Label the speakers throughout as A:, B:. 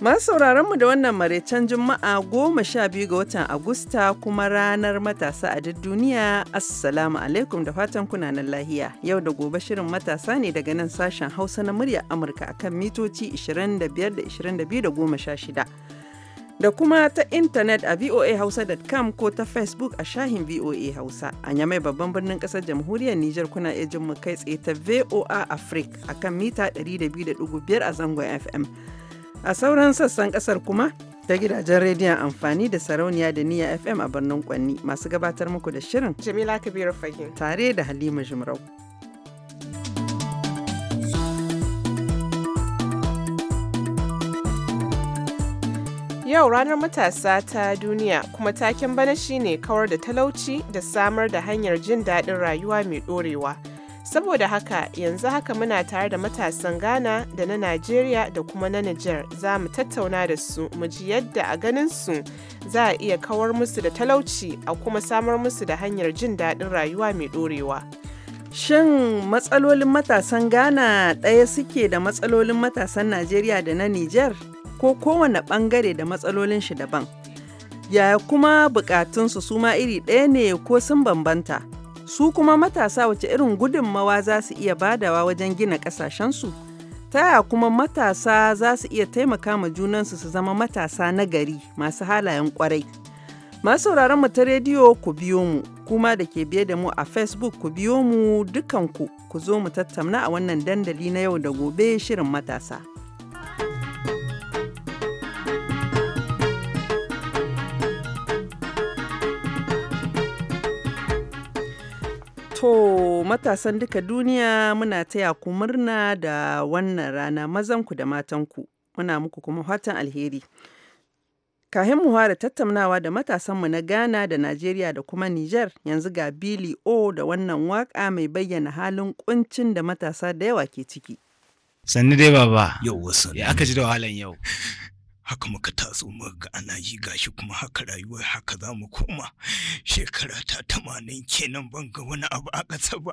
A: Masu sauraronmu da wannan maraicen Juma'a goma sha biyu ga watan Agusta kuma ranar matasa a duk duniya Assalamu alaikum da fatan kuna nan lahiya. Yau da gobe shirin matasa ne daga nan sashen Hausa na murya Amurka akan mitoci 25 da da sha shida. Da kuma ta intanet a voahausa.com ko ta Facebook a shahin VOA Hausa. A yamai babban birnin kasar jamhuriyar Nijar kuna iya mu kai tsaye ta VOA Africa akan mita 102.5 a zangon FM. A sauran sassan kasar kuma ta gidajen rediyon amfani da sarauniya da niyya FM a birnin Kwanni masu gabatar muku da shirin. Jamila Kabiru Fahim. Tare da Halima Jumrau. Yau ranar matasa ta duniya kuma taken bana shine kawar da talauci da samar da hanyar jin daɗin rayuwa mai ɗorewa. Saboda haka yanzu haka muna tare da matasan Ghana da na Najeriya da kuma na Niger, za mu tattauna da su mu ji yadda a ganin su za a iya kawar musu da talauci a kuma samar musu da hanyar jin daɗin rayuwa mai ɗorewa. Shin matsalolin matasan Ghana ɗaya suke da matsalolin matasan Najeriya da na Niger, ko kowane ɓangare da matsalolin shi daban? Yaya kuma bukatunsu suma iri ɗaya ne ko sun bambanta? Su kuma matasa wace irin gudunmawa za su iya badawa wajen gina ta ya kuma matasa za su iya taimaka ma junansu su zama matasa na gari masu halayen kwarai. Masu mu ta rediyo ku biyo mu, kuma da ke biye da mu a Facebook ku biyo mu dukanku ku zo mu tattauna a wannan dandali na yau da gobe shirin matasa. matasan duka duniya muna taya ku murna da wannan rana mazanku da matanku. Muna muku kuma fatan alheri. Kahin mu fara tattaunawa da matasanmu na Ghana da Najeriya da kuma niger yanzu ga bili O da wannan waka mai bayyana halin kuncin da matasa da yawa ke ciki.
B: Sannu dai baba. Yau wasu. Ya aka ji da wahalan yau. haka muka taso muka ana yi gashi kuma haka rayuwar haka za mu koma shekara ta tamanin kenan ban ga wani abu a ƙasa ba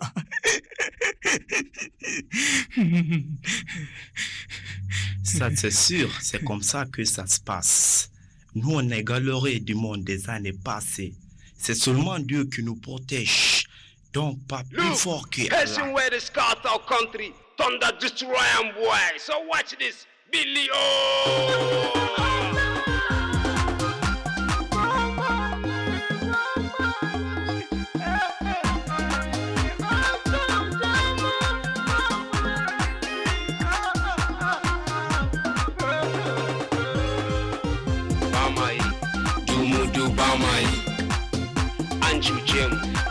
B: ça c'est sûr c'est comme ça que ça se passe nous on est galéré du monde des années passées c'est seulement Dieu qui nous protège donc pas
C: plus
D: fort que Allah. where the our country thunder destroy and boy so watch this billion.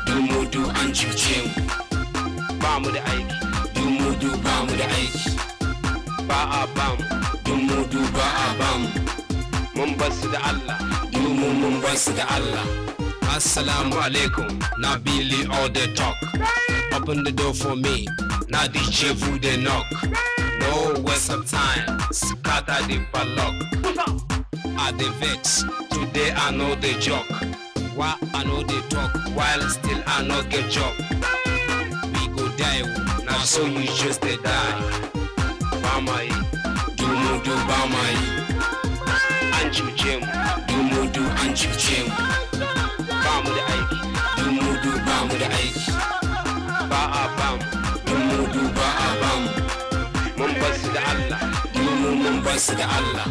D: Dumu du an cuce mu ba mu da aiki, dumu du ba mu da aiki ba dumu bam dumudu ba a mun da Allah dumu mun basu da Allah assalamu alaikum na billy all the talk open the door for me na DJ vu the knock no waste of time scatter the padlock I the vex today I know the joke why I know the talk while still I know get job we go die na so you just dey die ba ma yi dumudu ba ma yi an cuce mu dumudu an cuce mu ba mu da aiki dumudu ba mu da aiki ba a ba mu dumudu ba a ba mu mun basu da Allah dumu mun basu da Allah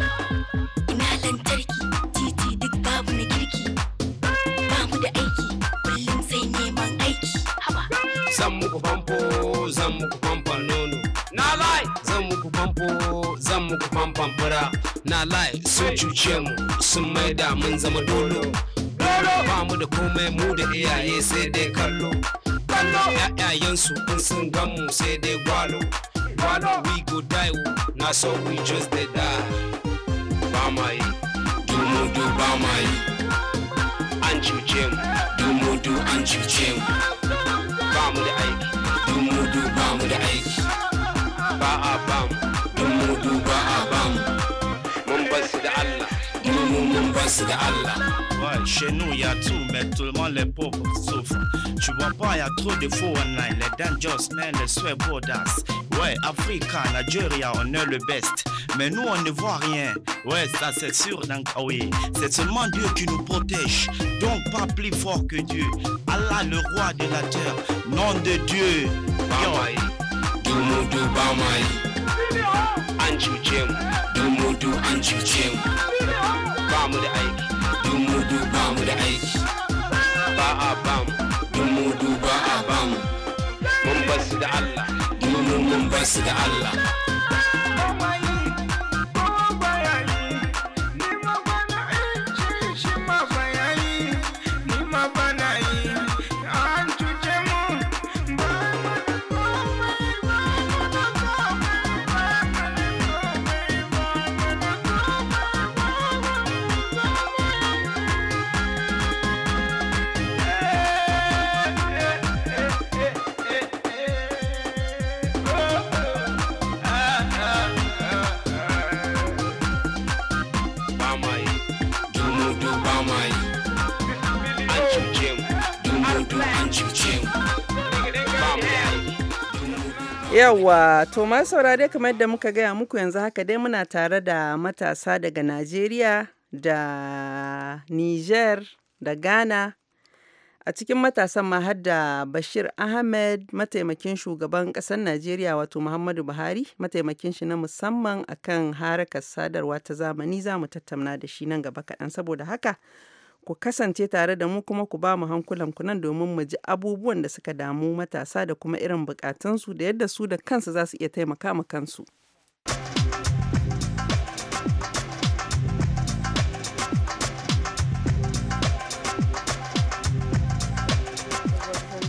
D: muku famfan fura na lai sun cuce mu sun maida mun zama dolo dolo ba mu da komai mu da iyaye sai dai kallo kallo ƴaƴayensu in sun gan mu sai dai gwalo gwalo we go die na so we just dey die ba ma yi dumudu ba ma yi an cuce mu dumudu an cuce mu ba mu da aiki dumudu ba mu da aiki ba a ba mu
C: Ouais,
B: chez nous, il y a tout, mais tout le monde, les pauvres souffrent. Tu vois pas, il y a trop de faux online, les dangers les suédois, Ouais, Africa, Nigeria, on est le best. Mais nous, on ne voit rien. Ouais, ça c'est sûr, ah C'est seulement Dieu qui nous protège.
D: Donc, pas plus fort que Dieu. Allah, le roi de la terre. Nom de Dieu. bamu da aiki dumudu bamu da aiki ba a bamu dumudu ba a bamu mun basu da Allah dumudu mun basu da Allah
A: Yawa, to ma saurare kamar yadda muka gaya muku yanzu haka dai muna tare da matasa daga Najeriya da Niger da Ghana. A cikin matasan ma da Bashir Ahmed mataimakin shugaban ƙasar Najeriya wato Muhammadu Buhari mataimakin shi na musamman akan harakar sadarwa ta zamani za mu tattauna da shi nan gaba kaɗan saboda haka. ku kasance tare da mu kuma ku ba mu hankulanku nan domin mu ji abubuwan da suka damu matasa da kuma irin bukatunsu da yadda su da kansu za su iya taimaka ma kansu.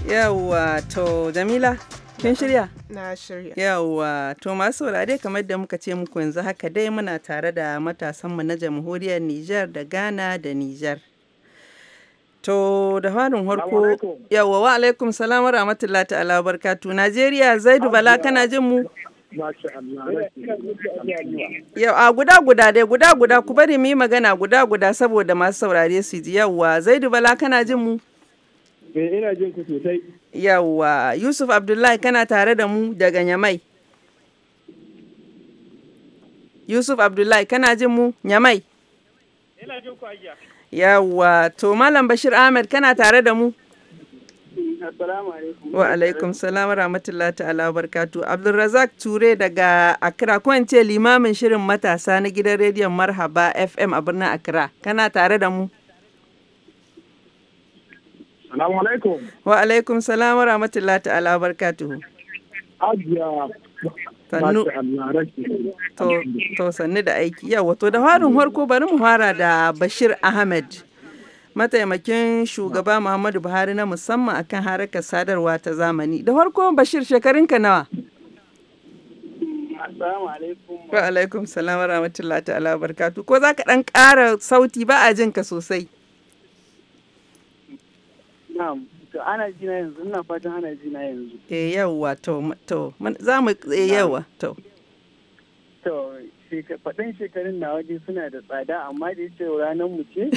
A: Yawwa to Jamila, kin shirya? Na shirya. Yawwa to masu saurare kamar da muka ce muku yanzu haka dai muna tare da matasanmu na jamhuriyar Nijar da Ghana da Nijar. To da farin harko yawa wa alaikum salam wa rahmatullahi ta'ala barkatu Najeriya Zaidu Bala kana jin mu? Yau a guda guda dai guda guda ku bari mu yi magana guda guda saboda masu saurare su ji yawa Zaidu Bala kana jin mu?
C: Eh ina jin ku sosai.
A: Yawa Yusuf Abdullahi kana tare da mu daga Nyamai. Yusuf Abdullahi kana jin mu Nyamai.
C: Ina jin ku ajiya.
A: Yawwa, to Malam Bashir Ahmed kana tare da mu?
C: Wa alaikum
A: salam rahmatullahi ta'ala barkatu. Abdulrazak Ture daga Accra ko in ce limamin shirin matasa na gidan rediyon Marhaba FM a birnin Accra. Kana tare da mu? Salamu alaikum. Wa alaikum salam rahmatullahi ta'ala barkatu. sannu to sannu da aiki yawa to da farin harko bari mu fara da bashir ahmed mataimakin shugaba muhammadu buhari na musamman akan harakar sadarwa ta zamani da farko bashir shekarunka nawa wa alaikum salam wa rahmatullahi ta'ala barkatu ko za ka ɗan ƙara sauti ba a jinka sosai
C: na'am To ana ji na yanzu ina fatan ana ji na yanzu.
A: Eh yawa to to za mu eh yawa to.
C: To faɗin shekarun na waje suna da tsada amma da yace ranar mu ce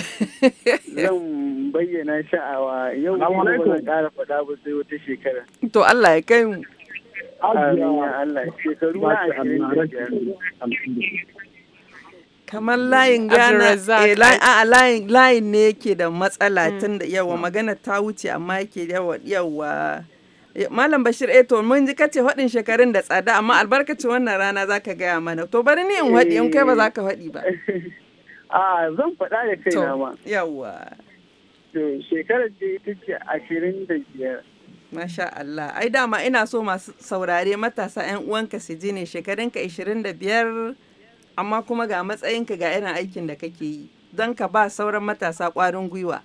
C: zan bayyana sha'awa yau ne ba zan ƙara faɗa ba sai wata shekara.
A: To Allah ya kai mu.
C: Allah ya shekaru na ashirin
A: kamar layin gana eh, a layin ne yake da matsala mm. tun da yawa mm. magana ta wuce amma yake yawa yawa eh, Malam Bashir Eto eh, mun ji kace faɗin shekarun da tsada amma albarkacin wannan rana zaka gaya mana to bari ni in faɗi in kai ba za ka faɗi ba. A ah, zan faɗa da kai na ma. yawa
C: To shekarar da ita ce ashirin da biyar.
A: Masha Allah, ai dama ina so masu saurare matasa 'yan uwanka su ji ne shekarunka ashirin da biyar amma kuma ga matsayinka ga irin aikin da kake yi don ka ba sauran matasa ƙwarin gwiwa.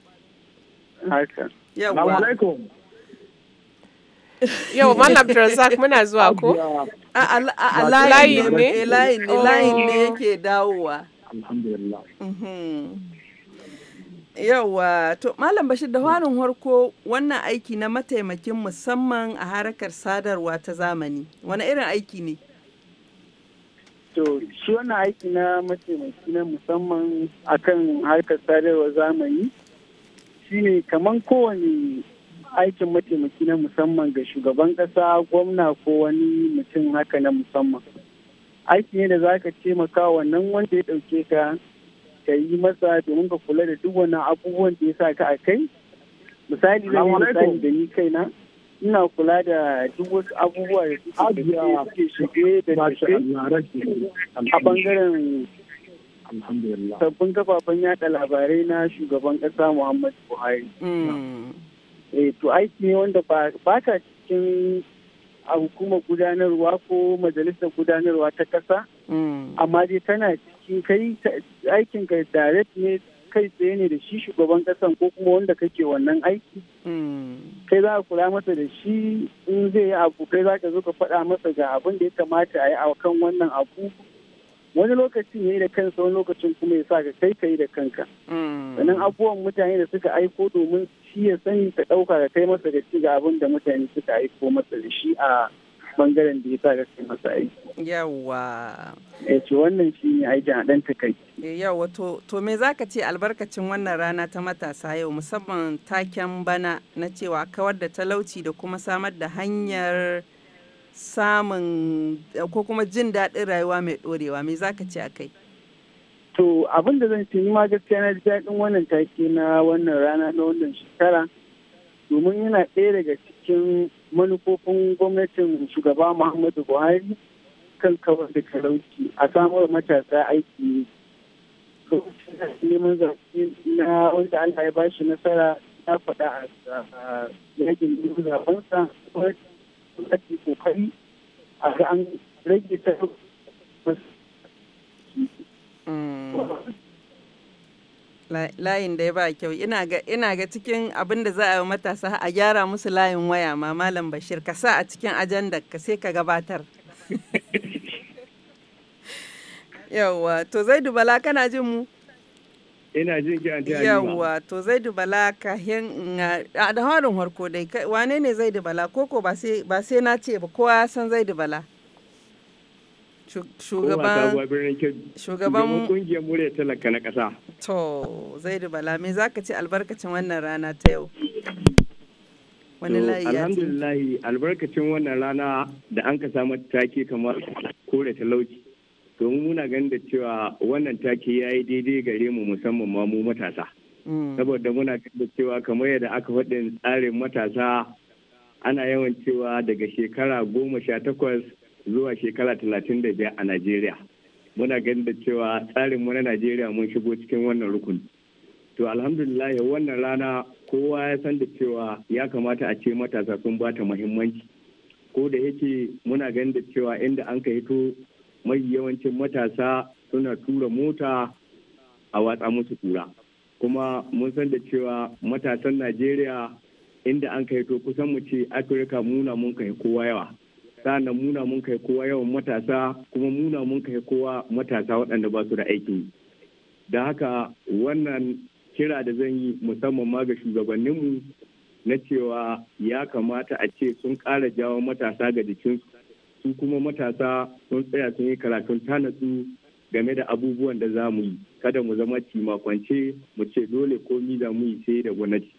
A: Yau Malam Transak muna zuwa ko? A eh, layin ne? Layin ne, layin oh. ne yake dawowa. Alhamdulillah. Mm-hmm. Yawwa, to Malam Bashir da farin harko wannan aiki na mataimakin musamman a harkar sadarwa ta zamani, wani irin aiki ne? To, shi
C: wannan aiki na mataimaki na musamman akan harkar sadarwar zamani shine kamar kowane aikin mataimaki na musamman ga shugaban kasa gwamna ko wani mutum haka na musamman. Aiki ne da za ka taimaka wannan wanda ya ɗauke ka ka yi masa domin ka kula da duk wani abubuwan da ya sa ka a kai. Misali zan yi misali da ni kaina. ina kula da duk wasu abubuwa da suke da shige da shige a bangaren sabbin kafafen yada labarai na shugaban kasa muhammadu buhari mm. eh, to aiki ne wanda ba ta cikin a hukumar gudanarwa ko majalisar gudanarwa ta kasa mm. amma dai tana cikin kai aikin ka direct ne kai tsaye ne da shi shugaban kasan ko kuma wanda kake wannan aiki hmm. kai za ka kula masa da shi in zai yi abu kai za ka zo ka faɗa masa ga abin da ya kamata a yi a kan wannan abu wani lokacin ya yi da kansa wani lokacin kuma ya sa ka kai ka yi da kanka hmm. sannan abubuwan mutane da suka aiko domin shi ya sani ka ɗauka ka kai masa da shi ga abin da mutane suka aiko masa da shi a bangaren da ya sa gaske masa aiki.
A: Yawwa. E eh, ce wannan
C: shi ne aiki a ɗan takai.
A: Eh, yawwa to me za ka ce albarkacin wannan rana ta matasa yau musamman taken bana na cewa kawar da talauci da kuma samar da hanyar samun ko kuma jin daɗin rayuwa mai ɗorewa me za ka ce a kai?
C: To abin da zan ce ni ma gaskiya na ji daɗin wannan take na wannan rana na wannan shekara domin yana ɗaya daga cikin manufofin gwamnatin shugaba muhammadu buhari kan kawar da talauci a samar matasa aiki ne neman zaɓe na wanda allah ya bashi nasara ya faɗa a yakin neman zaɓensa
A: gwamnati kokari a ga an rage talauci mm. layin da ya ba kyau ina ga cikin abin da za a yi matasa a gyara musu layin waya ma malam bashir ka sa a cikin ajanda ka sai ka gabatar yawwa to zai dubala kana jin mu
B: ina jin ki anti yawwa
A: to zai dubala ka hin da harin harko dai wane ne zai dubala koko ba sai ba sai na ce ba kowa san zai dubala
B: shugaban kungiyar murya talaka na kasa
A: to zaidu bala me zaka ce albarkacin wannan rana ta yau wani layi alhamdulillah
B: albarkacin wannan rana da an ka samu take kamar kore talauci domin muna ganin da cewa wannan take yi daidai gare mu musamman ma mu matasa mm. saboda muna ganin da cewa kamar yadda aka faɗin tsarin matasa ana yawan cewa daga shekara goma sha takwas zuwa shekara talatin da biyar a Najeriya. Muna ganin da cewa tsarinmu na Najeriya mun shigo cikin wannan rukuni. To alhamdulillah wannan rana kowa ya san da cewa ya kamata a ce matasa sun bata muhimmanci. Ko da yake muna ganin da cewa inda an ka hito mai yawancin matasa suna tura mota a watsa musu kura. Kuma mun san da cewa matasan Najeriya inda an ka hito kusan mu ce Afirka muna mun kai kowa yawa. sa'an muna mun kai kowa yawan matasa kuma muna mun kai kowa matasa waɗanda ba su da aiki da haka wannan kira da zan yi musamman ma ga shugabanninmu na cewa ya kamata a ce sun ƙara jawo matasa ga jikinsu su kuma matasa sun tsaya sun yi karatun tanatsu game da abubuwan da za mu yi kada mu zama cimakwance mu ce dole komi da mu yi sai da gwamnati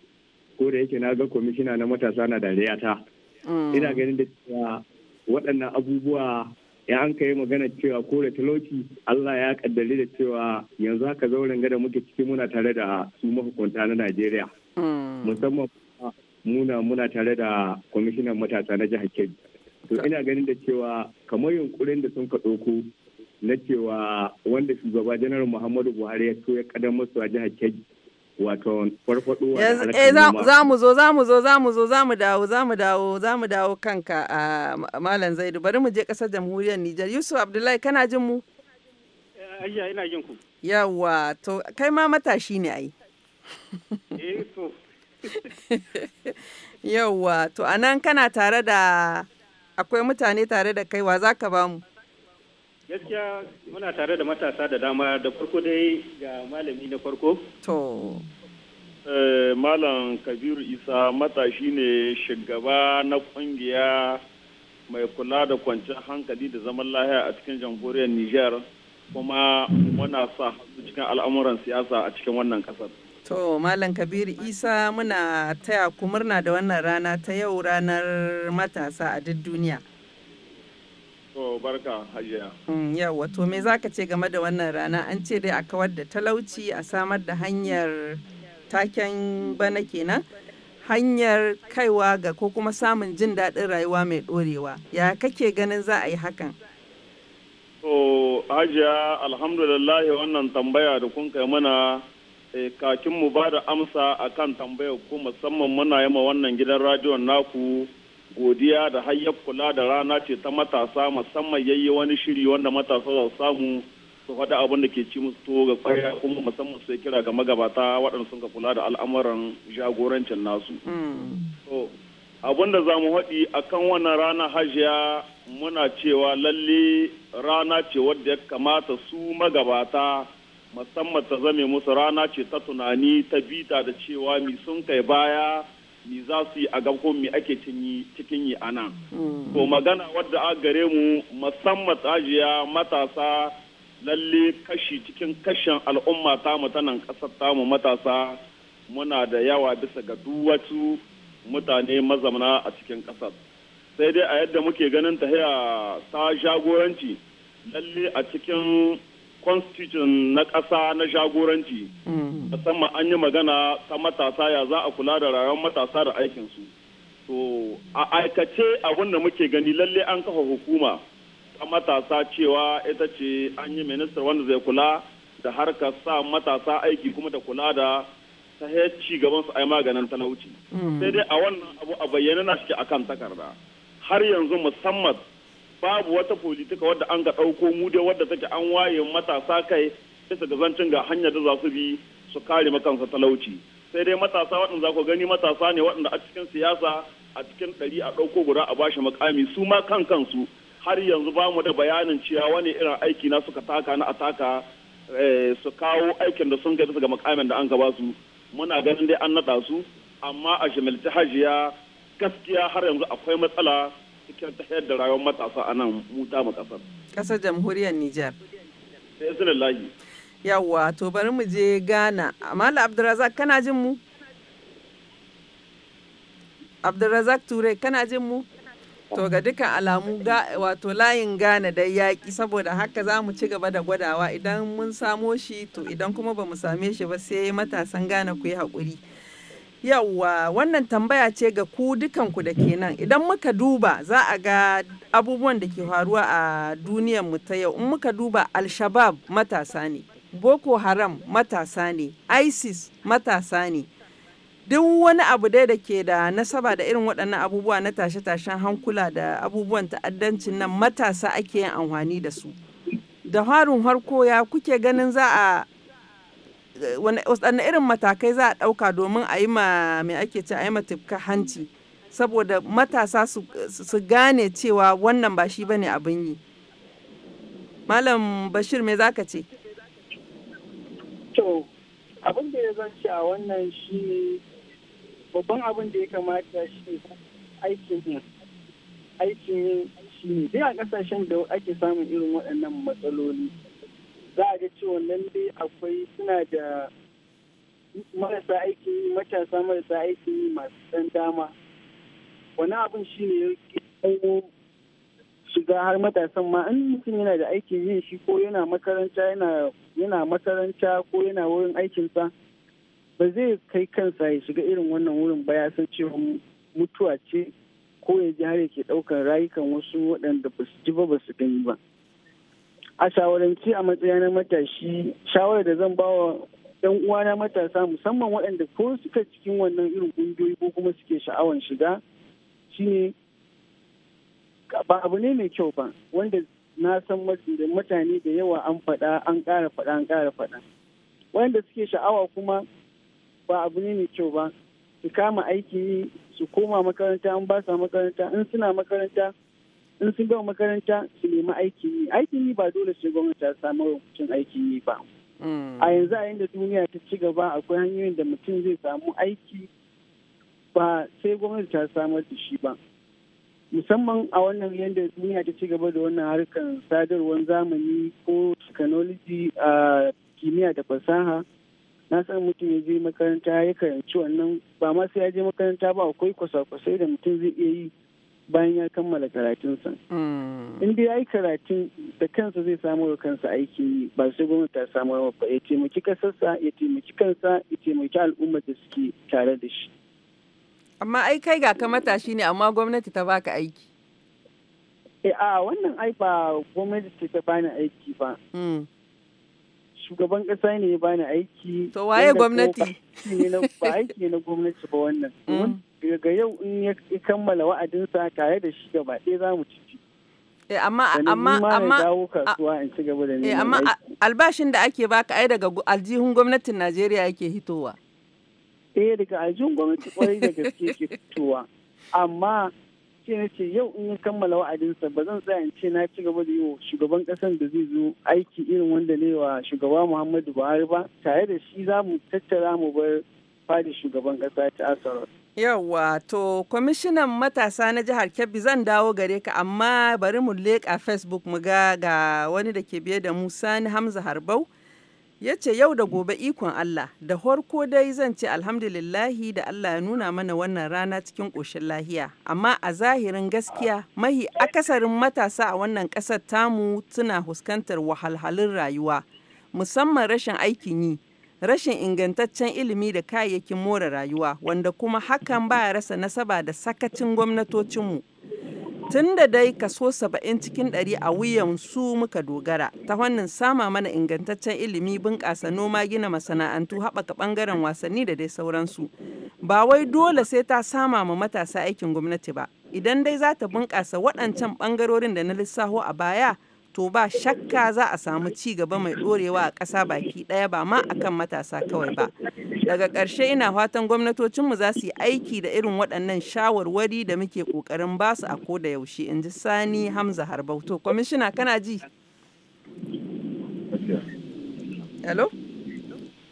B: ko da yake na ga kwamishina na matasa na da riyata mm. ina ganin da cewa waɗannan abubuwa ya an kai magana cewa ko da talauci Allah ya kaddare da cewa yanzu haka zauren gada muke ciki muna tare da su mahukunta na Najeriya.
C: Hmm. Musamman
B: muna muna tare da kwamishinan matasa na jihar Kebbi. To ina ganin da cewa kamar yunkurin da sun ka ɗauko na cewa wanda shugaba janar Muhammadu Buhari ya so ya kadamar su a jihar Kebbi wato
A: farfaɗo a eh, za mu zo za mu zo za mu zo za mu dawo za mu dawo za mu dawo kanka a malam zaidu bari mu je ƙasar jamhuriyar nijar yusuf abdullahi kana jin mu
C: eh, ayya ina jin ku
A: yawa to kai ma matashi ne ai yawa eh, to anan kana tare da akwai mutane tare da kai wa za ka ba mu
B: gaskiya muna tare da
E: matasa da dama da farko dai ga malami na farko to eh, malam kabiru isa matashi ne shugaba na kungiya mai kula da kwanciyar hankali da zaman lahiya a cikin jamhuriyar nijar kuma muna sa cikin al'amuran siyasa a cikin wannan kasar
A: To Malam kabiru Isa muna taya ku murna da wannan rana ta yau ranar matasa a duk duniya.
E: To barka
A: mm, me za ka ce game da wannan rana an ce dai a kawar da talauci a samar da hanyar taken bana kenan hanyar kaiwa ga ko kuma samun jin daɗin rayuwa mai ɗorewa ya kake ganin za a yi hakan?
E: To hajiya alhamdulillah wannan tambaya da kun kai mana eh, kakin mu ba da amsa akan tambayar ku musamman muna yi ma wannan gidan radiyon naku godiya da hayyar kula da rana ce ta matasa musamman yayi wani shiri wanda matasa za su samu su faɗi abin da ke ci musu to ga kwaya kuma musamman sai kira ga magabata waɗanda sun ka kula da al'amuran jagorancin nasu. Hmm. abin da za mu haɗi a kan wannan rana hajiya muna cewa lalle rana ce wadda ya kamata su magabata musamman ta zame musu rana ce ta tunani ta bita da cewa mi sun kai baya ni za su yi a ga ko ake cikin yi a nan. Mm. To magana wadda a gare mu musamman tsajiya matasa lalle kashi cikin kashin al'umma ta mu ta nan ta mu matasa muna da yawa bisa ga duk wasu mutane mazamna a cikin ƙasar. Sai dai a yadda muke ganin ta ta jagoranci lalle a cikin constitution na ƙasa na jagoranci mm. musamman an yi magana ta matasa ya za a kula da rayuwar matasa da aikinsu to a aikace abin da muke gani lalle an kafa hukuma ta matasa cewa ita ce an yi ministar wanda zai kula da harkar sa matasa aiki kuma da kula da ta ci gaban su ai maganin talauci mm. sai dai a wannan abu a bayyana na shi akan takarda har yanzu musamman babu wata politika wadda an ga ɗauko mu dai wadda take an waye matasa kai bisa ga zancin ga hanyar da za su bi su kare makansa talauci sai dai matasa waɗanda za ku gani matasa ne waɗanda a cikin siyasa a cikin ɗari a ɗauko guda a bashi makami su ma kan kansu har yanzu ba mu da bayanin cewa wani irin aiki na suka taka na ataka eh, su kawo aikin da sun ga daga makamin da an gaba su muna ganin dai an naɗa su amma a shimilci hajiya gaskiya har yanzu akwai matsala cikin tafiyar da rayuwar matasa a nan muta matasar.
A: Kasar jamhuriyar Nijar. Bismillahi. Yawwa to bari mu je Ghana. Amala Abdulrazak kana jin mu? Abdulrazak Ture kana jin mu? To ga dukan alamu wato layin Ghana dai yaƙi saboda haka za mu ci gaba da gwadawa idan mun samo shi to idan kuma ba mu same shi ba sai matasan Ghana ku yi haƙuri. Yawwa wannan tambaya ce ga ku dukanku da ke nan idan muka duba za a ga abubuwan da ke faruwa a duniyar mu ta yau in muka duba al-shabab matasa ne boko haram matasa ne isis matasa ne duk wani abu dai da ke da nasaba da irin waɗannan abubuwa na tashe-tashen hankula da abubuwan ta'addancin nan matasa ake yin amfani da su da harin harko ya kuke ganin za a wani irin matakai za a ɗauka domin a yi ma mai ake ce a yi matuka hanci saboda matasa su gane cewa wannan ba shi bane abin yi malam bashir me za ka ce
C: to abin da ya zance a wannan shi babban abin da ya kamata shi aikin aikin shi ne dai a kasashen da ake samun irin waɗannan matsaloli za a ga cewa nan dai akwai suna da marasa aiki matasa marasa aiki masu ɗan dama wani abin shi ne ya shiga har matasan ma in mutum yana da aikin yin shi ko yana makaranta yana makaranta ko yana wurin aikinsa ba zai kai kansa ya shiga irin wannan wurin ba ya san cewa mutuwa ce ko ya ji har yake ɗaukar rayukan wasu waɗanda ba su ji ba ba su gani ba. a shawarance a matsayin na matashi shawarar da zan ba wa yan uwana matasa musamman waɗanda ko suka cikin wannan irin ƙungiyoyi ko kuma suke sha'awan shiga shine ba abu ne mai kyau ba wanda na san mutane da yawa an faɗa an ƙara faɗa an ƙara faɗa waɗanda suke sha'awa kuma ba abu ne mai kyau ba su kama aiki su koma makaranta an ba su makaranta in suna makaranta in sun gama makaranta su nemi aikin yi aikin yi ba dole sai gwamnati ta samu mutum aikin yi ba hmm. a yanzu a yanda duniya ta ci gaba akwai hanyoyin da mutum zai samu aiki ba sai gwamnati ta samar da shi ba musamman a wannan yadda duniya ta ci gaba da wannan harkar sadarwar zamani ko technology a kimiyya da fasaha na san mutum ya je makaranta ya karanci wannan ba ma sai ya je makaranta ba akwai kwasa-kwasai da mutum zai iya yi bayan ya kammala karatunsa. Hmm. In dai ya yi karatun da kansa zai samu wa kansa aiki ba sai gwamnati ta samu ba ya taimaki kasarsa ya taimaki kansa ya taimaki al'ummar da suke tare da shi.
A: Amma ai kai ga ka matashi ne amma gwamnati ta baka aiki.
C: Eh a wannan ai ba gwamnati ce ta bani aiki ba. Hmm. shugaban kasa ne ya bani aiki. To waye gwamnati? Ba aiki ne na gwamnati ba wannan. Mm. Daga yau in ya kammala wa'adinsa tare da shi gaba
A: ɗaya za mu ci. Eh, amma amma amma dawo kasuwa
C: in ci gaba da eh, ni. amma
A: albashin da ake baka ai daga aljihun gwamnatin Najeriya yake hitowa. Eh
C: daga aljihun gwamnati kwarai da gaske ke fitowa. Amma ce na ce yau in ya kammala wa'adinsa ba zan tsaya in ce na ci gaba da yi wa shugaban ƙasar da zai zo aiki irin wanda ne wa shugaba Muhammadu Buhari ba tare da shi za mu tattara mu bar fadi shugaban ƙasa ta Asarar.
A: Yawwa to kwamishinan matasa na jihar Kebbi zan dawo gare ka amma bari mu leƙa Facebook mu ga ga wani da ke biye da mu Sani Hamza Harbau ya ce yau da gobe ikon Allah da horko dai zan ce alhamdulillahi da Allah ya nuna mana wannan rana cikin ƙoshin lahiya amma a zahirin gaskiya mahi akasarin matasa a wannan ƙasar tamu suna fuskantar wahalhalun rayuwa musamman rashin aikin yi rashin ingantaccen ilimi da kayayyakin more rayuwa wanda kuma hakan ba rasa nasaba da sakacin gwamnatocinmu Tun da dai kaso 70 cikin ɗari a wuyan su muka dogara ta wannan sama mana ingantaccen ilimi bunƙasa noma gina masana'antu haɓaka ɓangaren wasanni da dai sauransu. Ba wai dole sai ta sama ma matasa aikin gwamnati ba. Idan dai za ta bunƙasa waɗancan ɓangarorin da na lissaho a baya to ba shakka za a samu ci gaba mai ɗorewa a ƙasa baki ɗaya ba ma akan matasa kawai ba. Daga ƙarshe ina fatan gwamnatocinmu za su yi aiki da irin waɗannan shawarwari da muke ƙoƙarin ba su a da yaushe in ji Sani Hamza Harbauto. Kwamishina kana ji? Hello?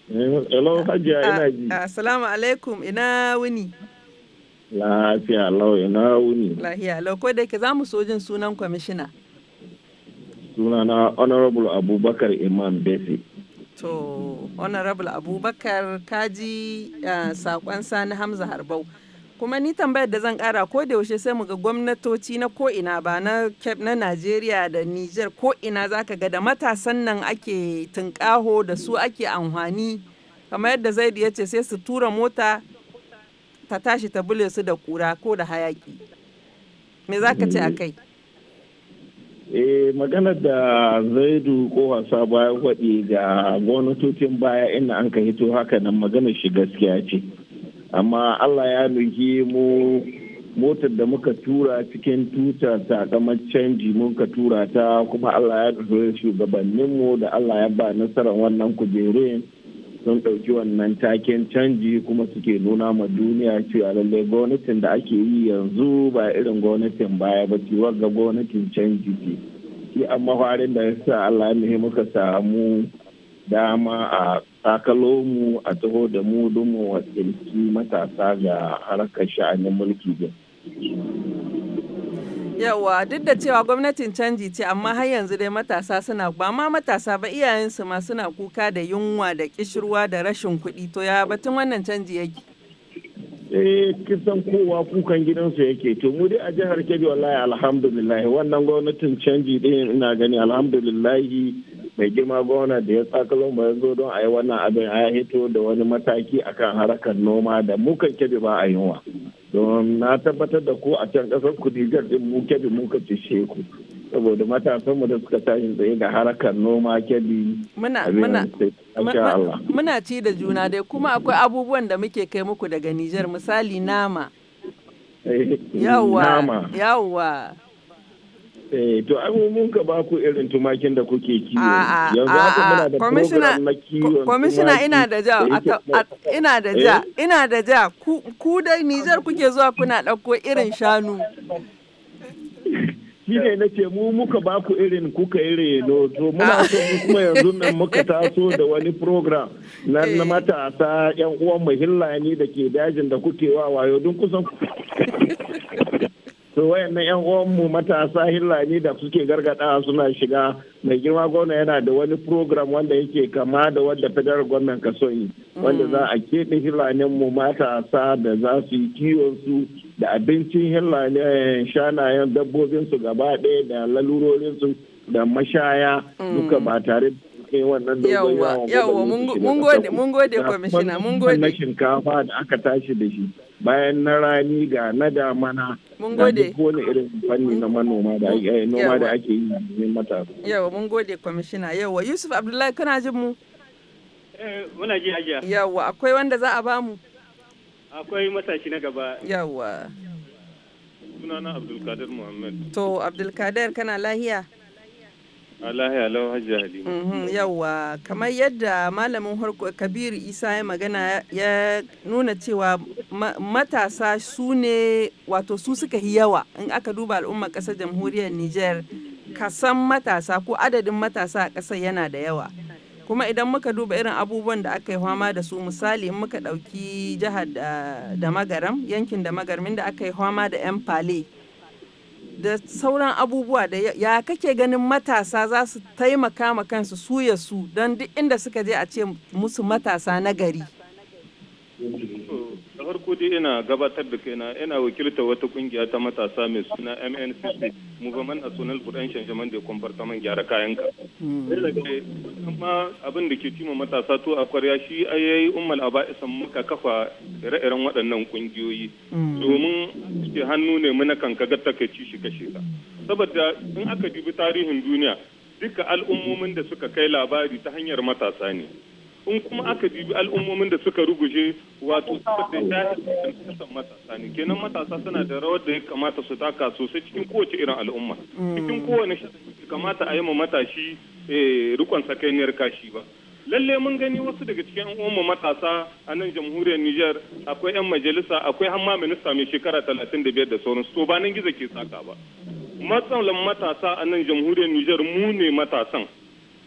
A: Hello, Hajiya ina ji. Assalamu alaikum ina wuni.
F: Lafiya lau ina wuni.
A: Lafiya lau kodayake za mu so jin sunan kwamishina.
F: sunana honorable abubakar imam bese
A: to honorable abubakar kaji uh, sakon sani hamza harbau kuma ni tambayar da zan kara ko da yaushe sai mu ga gwamnatoci na ko ina ba na na Najeriya da Niger ko ina zaka ga da matasan nan ake tunkaho da su ake amfani kamar yadda Zaidu ya ce sai su tura mota ta tashi ta bule su da kura ko da hayaki me zaka ce akai
F: eh maganar da zaidu ko wasa baya waɗi ga gwamnatocin baya inda an ka hito haka nan magana shi gaskiya ce amma allah ya nuhi mu motar da muka tura cikin tuta takamar canji mun ka tura ta kuma allah ya nuhi shugabanninmu da allah ya ba nasarar wannan kujerun sun ɗauki wannan taken canji kuma suke nuna ma duniya cewa lallai gwamnatin da ake yi yanzu ba irin gwamnatin baya ba ce wagga gwamnatin canji ce shi amma farin da yasa Allah ne muka samu dama a sakalo mu a taho da mu don mu wakilci matasa ga harkar sha'anin mulki din
A: Yawa duk da cewa gwamnatin canji ce amma har yanzu dai matasa suna ba ma matasa ba iyayensu ma suna kuka da yunwa da kishirwa da rashin kuɗi to ya batun wannan canji yake.
F: Eh kisan kowa kukan gidansu yake to mu dai a jihar Kebbi wallahi alhamdulillah wannan gwamnatin canji din ina gani alhamdulillah mai girma gwamna da ya tsakalo ya zo don a yi wannan abin a hito da wani mataki akan harkar noma da mukan Kebbi ba a yunwa. don na tabbatar da ku a can kasar ku nijar din mu kebi mu ka ci sheku saboda matasan mu da suka tashi tsaye da harkar noma kebi
A: muna muna muna ci da juna dai kuma akwai abubuwan da muke kai muku daga Nijar misali nama
C: eh, yawa
A: yawa
F: Eh, to mun ka ba ku irin tumakin da kuke kiwo yanzu haka muna da program na kiwo ina da ja
A: ina da ja eh? ina da ja ku da Nijar kuke zuwa kuna ɗauko irin shanu
F: shi ne na ce mu muka ba ku irin kuka iri no to muna so mu kuma yanzu nan muka taso da wani program na eh. na matasa yan uwan mu da ke dajin da kuke wa wayo don kusan to wayannan yan uwanmu matasa hillani da suke gargada suna shiga mai girma gwamna yana da wani program wanda yake kama da wanda federal gwamnan ka so yi wanda za a keɓe hillanin mu matasa da za su yi kiwon su da abincin hillanin eh, shanayen dabbobin su gaba ɗaya da lalurorin su da mashaya duka ba tare da kai wannan dogon yawa yawa mun gode mun gode kwamishina mun gode na shinkafa da aka tashi da shi bayan na rani ga na damana mun gode ko irin fanni na manoma da eh, noma da ake yi na matasa
A: yawa mun gode kwamishina yawa Yusuf Abdullahi kana jin mu eh, muna ji ajiya yawa akwai wanda za a ba mu akwai matashi na gaba yawa sunana Abdulkadir Muhammad to Abdulkadir kana lahiya
G: Allahi alau hajji halima. Mhm,
A: Yawwa kamar yadda malamin harko Kabiru Isa ya magana ya nuna cewa matasa su ne wato su suka yi yawa in aka duba al'ummar ƙasar jamhuriyar Nijar kasan matasa ko adadin matasa a ƙasar yana da yawa. Kuma idan muka duba irin abubuwan da aka yi fama da su misali muka ɗauki jihar ah, da magaram yankin da da aka yi fama da 'yan fale. da sauran abubuwa da ya kake ganin matasa za su taimaka ma kansu su ya su don duk inda suka je a ce musu matasa na gari.
G: farko dai ina gabatar da kaina ina wakilta wata kungiya ta matasa mai suna MNCC Movement National for shan Shaman da Comportment Gyara Kayanka. Amma abin da ke cima matasa to a kwarya shi ayayi ummal aba muka kafa ire-iren waɗannan kungiyoyi. Domin ke hannu ne muna kan ka kaga takaici shi kashe ka. Saboda in aka dubi tarihin duniya duka al'ummomin da suka kai labari ta hanyar matasa ne. in kuma aka dubi al'ummomin da suka ruguje wato suka da shahidin matasa ne kenan matasa suna da rawar da ya kamata su taka sosai cikin kowace irin al'umma mm. cikin kowane shi kamata a yi ma matashi eh, rikon sakainiyar kashi ba lalle mun gani wasu daga cikin uwanmu matasa a nan jamhuriyar Nijar akwai 'yan majalisa akwai hamma minista mai shekara talatin da biyar da sauransu to ba nan gizo ke saka ba matsalan matasa a nan jamhuriyar Nijar mu ne matasan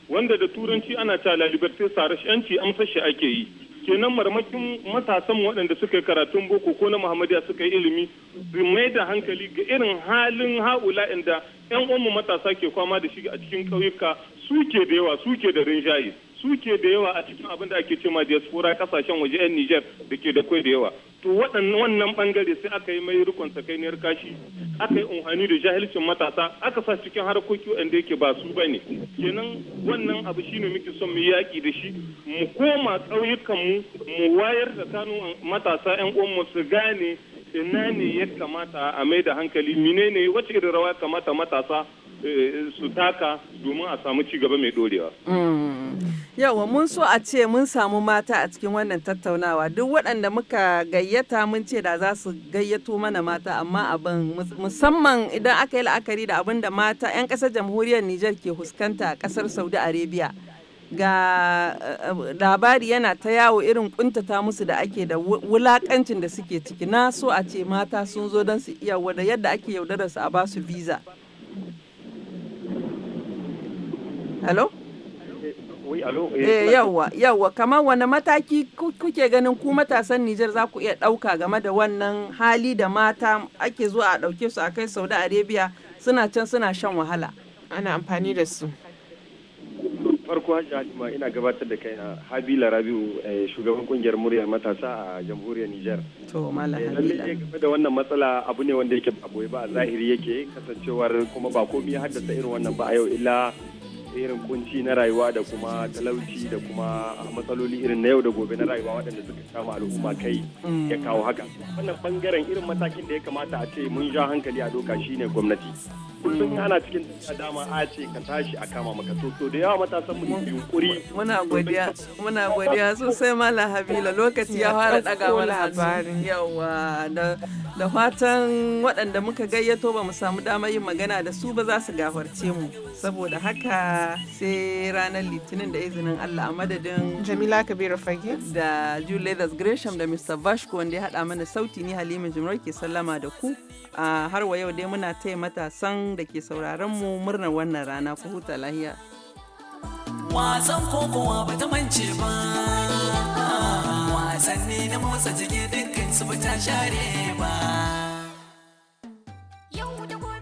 G: wanda da turanci ana ta la liberté sarash yanci amsar shi ake yi kenan marmakin matasan waɗanda suka yi karatun boko ko na muhammadiya suka yi ilimi su mai da hankali ga irin halin haula inda yan uwanmu matasa ke kwama da shi a cikin ƙauyuka suke da yawa suke da rinjaye suke da yawa a cikin abin da ake ce ma diaspora kasashen waje 'yan Niger da ke da kwai da yawa. To waɗannan wannan bangare sai aka yi mai rikon sakainiyar kashi, aka yi unhani da jahilcin matasa, aka sa cikin harkoki wanda yake ba su bane. Kenan wannan abu shine muke son mu yaƙi da shi, mu koma ƙauyukan mu, mu wayar da kanu matasa 'yan uwan mu su gane ina ne ya kamata a mai da hankali, menene wacce irin rawa kamata matasa Eh, su taka domin a samu ci gaba mai dorewa.
C: Mm.
A: Yawa mun so a ce mun samu mata a cikin wannan tattaunawa duk waɗanda muka gayyata mun ce da za su gayyato mana mata amma abin musamman idan aka yi la'akari da abin da mata 'yan ƙasar jamhuriyar Nijar ke fuskanta a ƙasar Saudi Arabia. Ga eh, labari yana ta yawo irin kuntata musu da ake da wulakancin da suke ciki na so a ce mata sun zo don su iya wada yadda ake yaudararsu a basu visa. Hello?
F: Eh, eh yawa
A: yawa kamar wani mataki kuke ganin ku matasan Nijar za ku iya ɗauka game da wannan hali da mata ake zuwa a ɗauke su a kai Saudi Arabia suna can suna shan wahala. Ana amfani da su.
E: farko ma ina gabatar da kai na Habi rabiu eh, shugaban kungiyar muryar matasa a jamhuriyar niger
A: to mala eh,
E: game da wannan matsala abu ne wanda yake a ba a zahiri yake kasancewar kuma ba komai haddasa irin wannan ba a yau illa irin kunci na rayuwa da kuma talauci da kuma matsaloli irin na yau da gobe na rayuwa waɗanda suka samu al'umma kai ya
B: kawo haka wannan bangaren irin matakin da ya kamata a ce mun ja hankali a doka shine gwamnati
E: kullum ana cikin dama a ce ka tashi a kama maka to da yawa matasan mun
B: yunkuri
A: muna godiya muna godiya sosai mala habila lokaci ya fara daga wani labarin yawa da fatan waɗanda muka gayyato ba mu samu damar yin magana da su ba za su gafarce mu saboda haka sai ranar litinin da izinin Allah a madadin Jamila Kabiru Fage da Das Gresham da Mr. Vashko wanda ya haɗa mana sauti ni Halima Jumrau ke sallama da ku a har wa yau dai muna taya matasan da ke sauraron mu murnar wannan rana ku huta lahiya. Wasan kokowa ba ta mance ba, wasanni na motsa jiki dukkan su ba ta share ba. Yau da